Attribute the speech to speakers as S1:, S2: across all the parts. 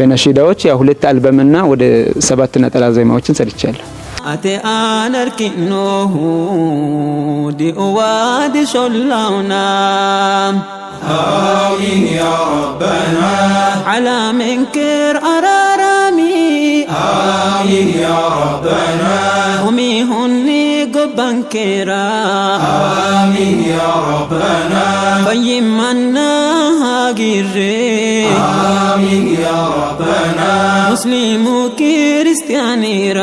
S1: በነሺዳዎች ያ ሁለት አልበምና ወደ ሰባት ነጠላ ዜማዎችን ሰርቻለሁ።
S2: አቴ አነርኪ ኖሁ ዲኡዋድ ሾላውና
S3: አሚን ያ ረበና
S2: ዓላ ምንክር አራራሚ
S3: አሚን ያ ረበና
S2: ባንኬራ
S3: አሚን ያ ረበና
S2: ፈይማና
S3: አሚን ያ
S2: ሙስሊሙ ክርስቲያኒራ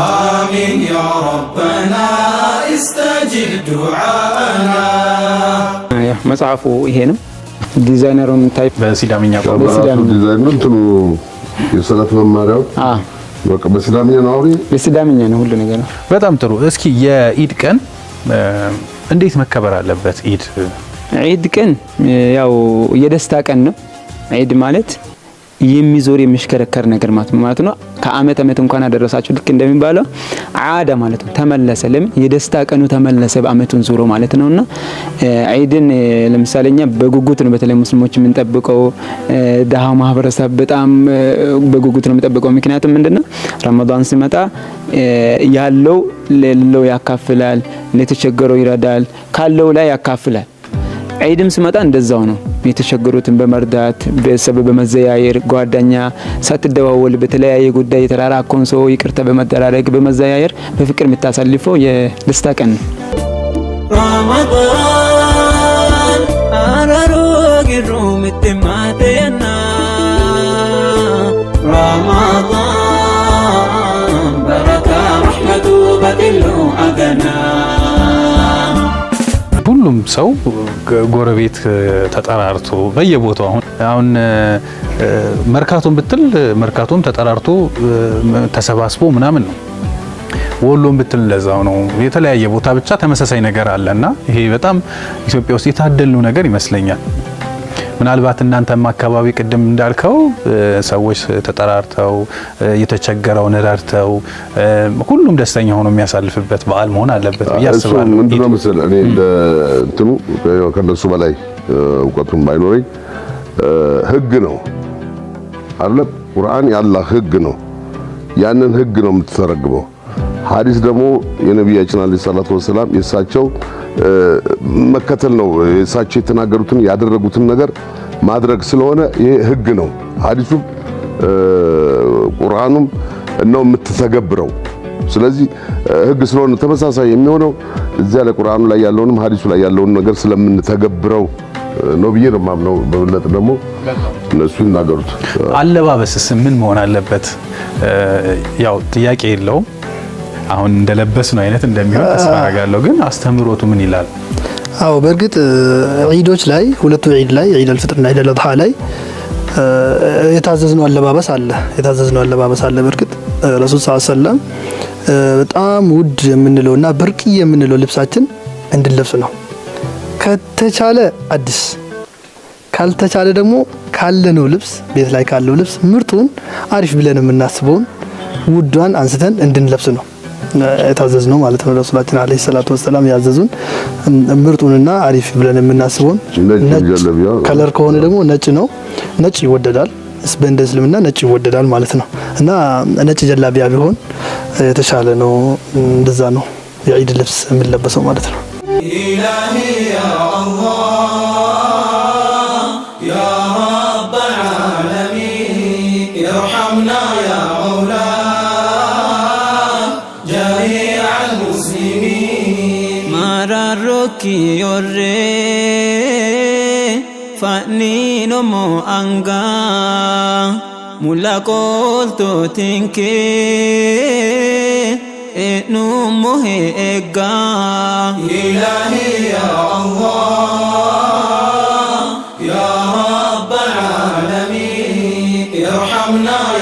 S3: አሚን ያ እስተጅብ ዱዓና
S1: መጽሐፉ ይሄ ነው። ዲዛይነሩን
S4: በሲዳምኛ
S5: ቋንቋ ዲዛይነሩ እንትኑ የሰላት መማሪያው በቃ በሲዳምኛ ነው አውሪ
S1: በሲዳምኛ ነው ሁሉ ነገር ነው።
S4: በጣም ጥሩ። እስኪ የኢድ ቀን እንዴት መከበር አለበት? ኢድ
S1: ኢድ ቀን ያው የደስታ ቀን ነው። ኢድ ማለት የሚዞር የሚሽከረከር ነገር ማለት ነው። ከአመት አመት እንኳን አደረሳችሁ ልክ እንደሚባለው አዳ ማለት ነው ተመለሰ። ለምን የደስታ ቀኑ ተመለሰ በአመቱን ዞሮ ማለት ነውና ዒድን ለምሳሌኛ በጉጉት ነው በተለይ ሙስሊሞች የምንጠብቀው። ደሃው ማህበረሰብ በጣም በጉጉት ነው የምንጠብቀው። ምክንያቱም ምንድነው ረመዳን ሲመጣ ያለው ለሌለው ያካፍላል፣ ለተቸገረው ይረዳል፣ ካለው ላይ ያካፍላል። ዒድም ስመጣ እንደዛው ነው። የተቸገሩትን በመርዳት ቤተሰብ በመዘያየር ጓደኛ ሳትደዋወል በተለያየ ጉዳይ የተራራቀውን ሰው ይቅርታ በመደራረግ በመዘያየር በፍቅር የምታሳልፈው የደስታ ቀን ነው።
S2: አራሮ ግሩ ምትማቴና
S4: ሰው ጎረቤት ተጠራርቶ በየቦታው አሁን አሁን መርካቶን ብትል መርካቶም ተጠራርቶ ተሰባስቦ ምናምን ነው። ወሎም ብትል እንደዛው ነው። የተለያየ ቦታ ብቻ ተመሳሳይ ነገር አለና ይሄ በጣም ኢትዮጵያ ውስጥ የታደልነው ነገር ይመስለኛል። ምናልባት እናንተም አካባቢ ቅድም እንዳልከው ሰዎች ተጠራርተው የተቸገረውን ረድተው ሁሉም ደስተኛ ሆኖ የሚያሳልፍበት በዓል መሆን አለበት ብዬ አስባለሁ።
S5: ምንድነው መሰለህ እኔ እንደ እንትኑ ከነሱ በላይ እውቀቱን ባይኖረኝ ህግ ነው አለ ቁርአን ያላ ህግ ነው። ያንን ህግ ነው የምትተረግበው ሀዲስ ደግሞ የነቢያችን አለ ሰላት ወሰላም የእሳቸው መከተል ነው። የእሳቸው የተናገሩትን ያደረጉትን ነገር ማድረግ ስለሆነ ይሄ ህግ ነው። ሀዲሱ ቁርአኑም ነው የምትተገብረው። ስለዚህ ህግ ስለሆነ ተመሳሳይ የሚሆነው እዚያ ላይ ቁርአኑ ላይ ያለውንም ሀዲሱ ላይ ያለውን ነገር ስለምንተገብረው ነው ብዬ ነው የማምነው። ደግሞ እነሱ ይናገሩት።
S4: አለባበስስ ምን መሆን አለበት? ያው ጥያቄ የለውም። አሁን እንደለበስ ነው አይነት እንደሚሆን ተስፋ አደርጋለሁ። ግን አስተምሮቱ ምን ይላል?
S1: አዎ በእርግጥ ዒዶች ላይ ሁለቱ ዒድ ላይ ዒድ አልፍጥር እና ዒድ አልአድሃ ላይ የታዘዝነው አለባበስ አለ የታዘዝነው አለባበስ አለ። በእርግጥ ረሱል ሰለም በጣም ውድ የምንለውና እና ብርቅ የምንለው ልብሳችን እንድንለብስ ነው። ከተቻለ አዲስ ካልተቻለ ደግሞ ካለነው ልብስ ቤት ላይ ካለው ልብስ ምርጡን አሪፍ ብለን የምናስበውን ውዷን አንስተን እንድንለብስ ነው። የታዘዝ ነው ማለት ነው። ረሱላችን አለይሂ ሰላቱ ወሰላም ያዘዙን ምርጡንና አሪፍ ብለን የምናስበውን ከለር ከሆነ ደግሞ ነጭ ነው። ነጭ ይወደዳል በእንደ እስልምና ነጭ ይወደዳል ማለት ነው እና ነጭ ጀላቢያ ቢሆን የተሻለ ነው። እንደዛ ነው የዒድ ልብስ የምንለበሰው ማለት ነው።
S2: kiyo re fanino mo anga mula kolto tinke enu mohe ega ilahi ya Allah ya Rabb al-alamin irhamna